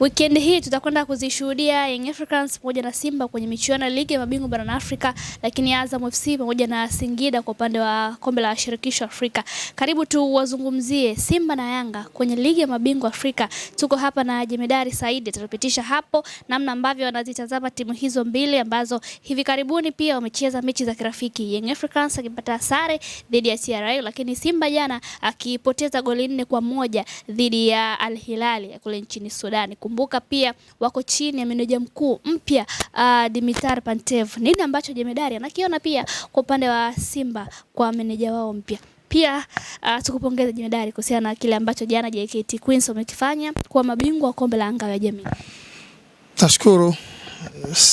Wikendi hii tutakwenda kuzishuhudia Young Africans pamoja na Simba kwenye michuano ya ligi ya mabingwa barani Afrika, lakini Azam FC pamoja na Singida kwa upande wa kombe la shirikisho Afrika. Karibu tu wazungumzie Simba na Yanga kwenye ligi ya mabingwa Afrika. Tuko hapa na Jemedari Saidi, atatupitisha hapo namna ambavyo wanazitazama timu hizo mbili ambazo hivi karibuni pia wamecheza mechi za kirafiki, Young Africans akipata sare dhidi ya TRA, lakini Simba jana akipoteza goli nne kwa moja dhidi ya Al Hilali kule nchini Sudani. Kumbuka pia wako chini ya meneja mkuu mpya uh, Dimitar Pantev. Nini ambacho Jemedari anakiona pia kwa upande wa Simba kwa meneja wao mpya? Pia uh, tukupongeza Jemedari kuhusiana na kile ambacho jana JKT Queens wamekifanya kuwa mabingwa wa kombe la Anga ya jamii. Nashukuru.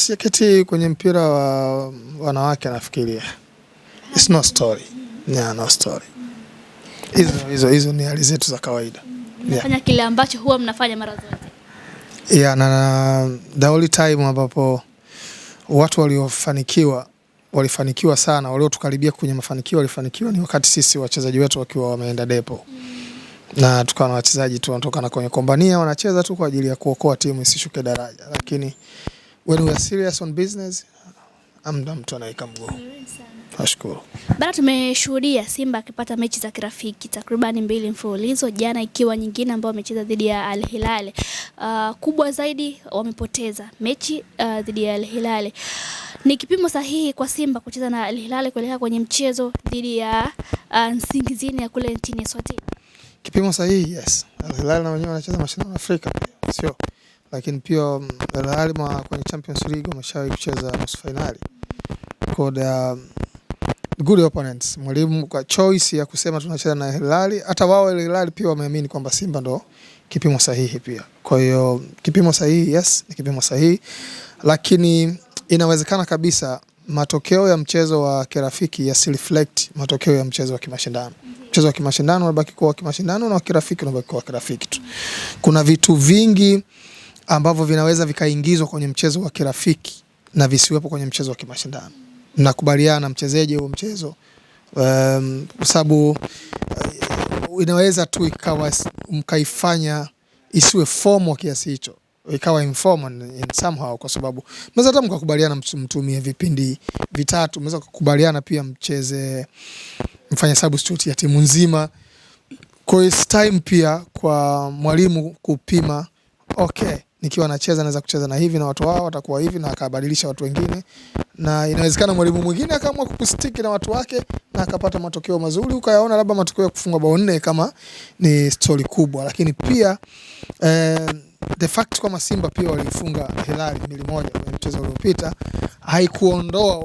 JKT kwenye mpira wa wanawake nafikiria. It's no story. Yeah, no story. Hizo hizo hizo ni hali zetu za kawaida. Mnafanya yeah, kile ambacho huwa mnafanya mara zote yeah, na na the only time ambapo watu waliofanikiwa walifanikiwa sana, waliotukaribia kwenye mafanikio walifanikiwa ni wakati sisi wachezaji wetu wakiwa wameenda depo na tukawa na wachezaji tu wanatoka na kwenye kombania wanacheza tu kwa ajili ya kuokoa timu isishuke daraja, lakini when we are serious on business amda mtu anaweka mguu. Nashukuru bana. Tumeshuhudia Simba akipata mechi za kirafiki takribani mbili mfululizo, jana ikiwa nyingine ambayo amecheza dhidi ya Al Hilal uh, kubwa zaidi wamepoteza mechi uh, dhidi uh, ya Al Hilal. Ni kipimo sahihi kwa Simba kucheza na Al Hilal kuelekea kwenye mchezo dhidi ya uh, Nsingizini ya kule nchini Swatini. Kipimo sahihi, yes. Al Hilal na wenyewe wanacheza mashindano ya Afrika, sio? Lakini pia um, Al Hilal ma kwenye Champions League wameshawahi kucheza nusu finali. Kwa um, good opponents. Mwalimu kwa choice ya kusema tunacheza na Al Hilal, hata wao Al Hilal pia wameamini kwamba Simba ndo kipimo sahihi pia. Kwa hiyo kipimo sahihi, yes, ni kipimo sahihi, lakini inawezekana kabisa matokeo ya mchezo wa kirafiki reflect matokeo ya mchezo wa kimashindano. Mchezo wa kimashindano unabaki kuwa kimashindano na wa kirafiki unabaki kuwa kirafiki tu. Kuna vitu vingi ambavyo vinaweza vikaingizwa kwenye mchezo wa kirafiki na visiwepo kwenye mchezo wa kimashindano. Nakubaliana na mchezaji huo mchezo, ehm, kwa sababu uh, inaweza tu ikawa mkaifanya isiwe formal kiasi hicho, ikawa informal in somehow, kwa sababu mnaweza hata mkakubaliana mtumie vipindi vitatu, mnaweza kukubaliana pia mcheze mfanye substitute ya timu nzima. Kwa hiyo time pia kwa mwalimu kupima okay nikiwa nacheza naweza kucheza na hivi na watu wao watakuwa hivi, na akabadilisha watu wengine, na inawezekana mwalimu mwingine akaamua kupistiki na watu wake na akapata matokeo mazuri, ukayaona labda matokeo ya kufunga bao nne kama ni stori kubwa, lakini pia eh, the fact kwamba Simba pia walifunga Hilali mbili moja kwenye mchezo uliopita haikuondoa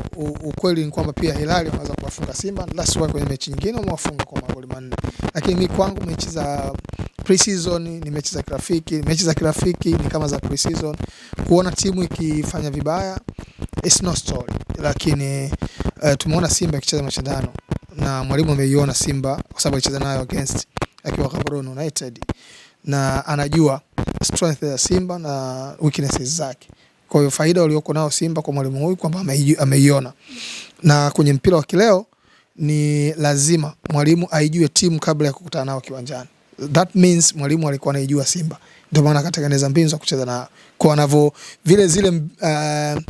ukweli ni kwamba pia Hilali wanaweza kuwafunga Simba, na kwenye mechi nyingine wamewafunga kwa magoli manne, lakini mi kwangu mechi za preseason ni mechi za kirafiki. Mechi za kirafiki ni kama za preseason, kuona timu ikifanya vibaya it's no story, lakini uh, tumeona Simba ikicheza mashindano na mwalimu ameiona Simba kwa sababu alicheza nayo against akiwa Gaborone United na anajua strength ya Simba na weaknesses zake. Kwa hiyo faida waliokuwa nao Simba kwa mwalimu huyu kwamba ameiona, na kwenye mpira wa kileo ni lazima mwalimu aijue timu kabla ya kukutana nao kiwanjani. That means mwalimu alikuwa anaijua Simba, ndio maana akatengeneza mbinu za kucheza na kwa anavyo vile zile uh,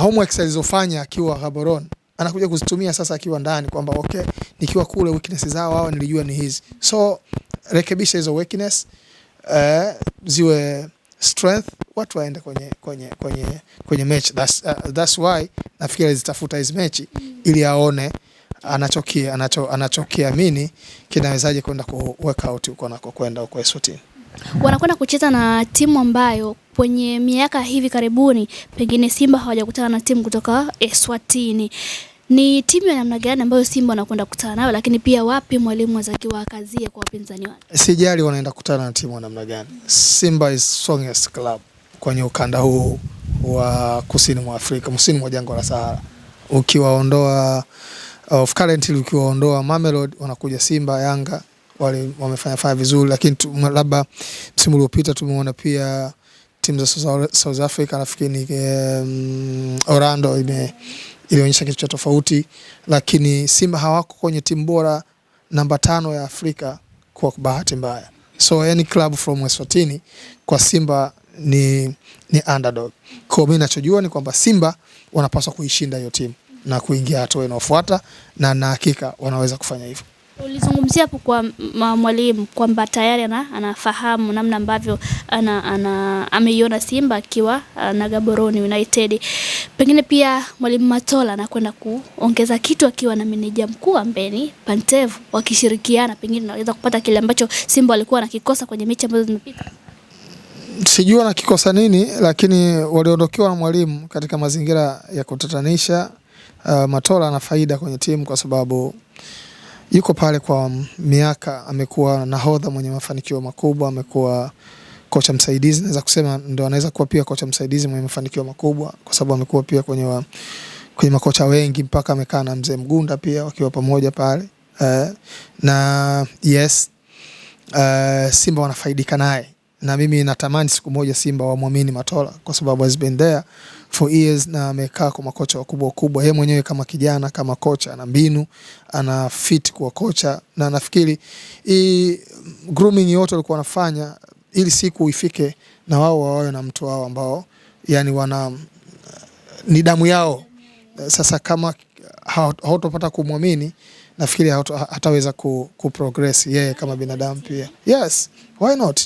homeworks alizofanya akiwa Gaborone anakuja kuzitumia sasa akiwa ndani, kwamba okay, nikiwa kule weakness zao wao nilijua ni hizi, so rekebisha hizo weakness uh, ziwe strength, watu waende kwenye kwenye kwenye kwenye mechi. That's, uh, that's why nafikiri zitafuta hizi mechi ili aone anachokiamini anacho, anachokiamini kinawezaje kwenda ku work out huko kwenda huko Eswatini. Wanakwenda kucheza na timu ambayo kwenye miaka hivi karibuni pengine Simba hawajakutana na timu kutoka Eswatini. Ni timu ya namna gani ambayo Simba wanakwenda kukutana nayo, lakini pia wapi mwalimu atakiwa akazie kwa wapinzani wake? Sijali wanaenda kukutana na timu ya namna gani, Simba is strongest club kwenye ukanda huu wa kusini mwa Afrika, kusini mwa jangwa la Sahara, ukiwaondoa of current ukiwaondoa Mamelodi, wanakuja Simba, Yanga wale wamefanya fanya vizuri, lakini labda msimu uliopita tumeona pia timu za South Africa, nafikiri um, Orlando ime ilionyesha kitu cha tofauti, lakini Simba hawako kwenye timu bora namba tano ya Afrika kwa bahati mbaya. So any club from Eswatini kwa Simba ni, ni underdog. Kwa mimi ninachojua ni kwamba Simba wanapaswa kuishinda hiyo timu na kuingia hatua inayofuata, na na hakika wanaweza kufanya hivyo. Ulizungumzia hapo kwa mwalimu kwamba tayari ana, anafahamu namna ambavyo ana, ana, ameiona Simba akiwa uh, na Gaborone United. Pengine pia mwalimu Matola anakwenda kuongeza kitu akiwa na meneja mkuu wa Mbeni Pantevu, wakishirikiana pengine anaweza kupata kile ambacho Simba walikuwa nakikosa kwenye mechi ambazo zimepita. Sijui anakikosa nini, lakini waliondokewa na mwalimu katika mazingira ya kutatanisha uh, Matola ana faida kwenye timu kwa sababu yuko pale kwa miaka, amekuwa nahodha mwenye mafanikio makubwa, amekuwa kocha msaidizi, naweza kusema ndo anaweza kuwa pia kocha msaidizi mwenye mafanikio makubwa, kwa sababu amekuwa pia kwenye wa, kwenye makocha wengi mpaka amekaa na mzee Mgunda pia wakiwa pamoja pale uh, na yes uh, Simba wanafaidika naye na mimi natamani siku moja Simba wamwamini Matola kwa sababu has been there for years na amekaa kwa makocha wakubwa wakubwa. Yeye mwenyewe kama kijana kama kocha ana mbinu, ana fit kwa kocha, na nafikiri hii grooming yote walikuwa wanafanya ili siku ifike na wao wawe na mtu wao ambao yani wana ni damu yao. Sasa kama hautopata kumwamini nafikiri hataweza ku, ku progress yeye kama binadamu pia. Yes, why not?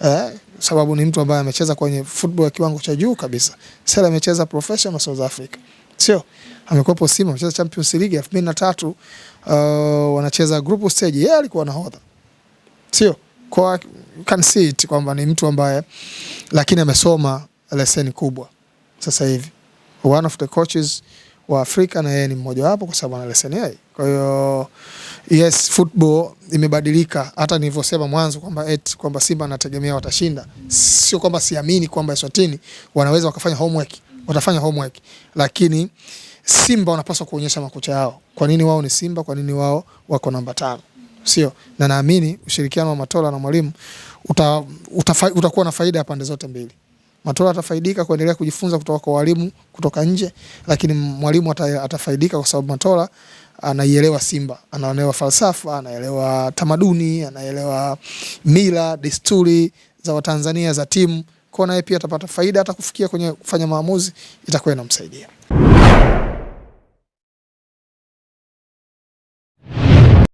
eh, sababu ni mtu ambaye amecheza kwenye football ya kiwango cha juu kabisa. Sela amecheza professional South Africa, sio amekuwepo Simba, amecheza Champions League 2003 uh, wanacheza group stage, yeye alikuwa nahodha, sio kwa can see it kwamba ni mtu ambaye lakini amesoma leseni kubwa sasa hivi, one of the coaches wa Afrika na yeye ni mmoja wapo, kwa sababu ana leseni yeye, kwa hiyo yes, football imebadilika. Hata nilivyosema mwanzo kwamba eti kwamba Simba anategemea watashinda, sio kwamba siamini kwamba Eswatini wanaweza wakafanya homework, watafanya homework, lakini Simba wanapaswa kuonyesha makocha yao kwa nini wao ni Simba, kwa nini wao wako namba tano, sio na naamini ushirikiano wa Matola na mwalimu uta, uta, utakuwa na faida ya pande zote mbili. Matola atafaidika kuendelea kujifunza kutoka kwa walimu kutoka nje, lakini mwalimu atafaidika kwa sababu Matola anaielewa Simba, anaelewa falsafa, anaelewa tamaduni, anaelewa mila, desturi za Watanzania za timu, kwa naye pia atapata faida, hata kufikia kwenye kufanya maamuzi itakuwa inamsaidia.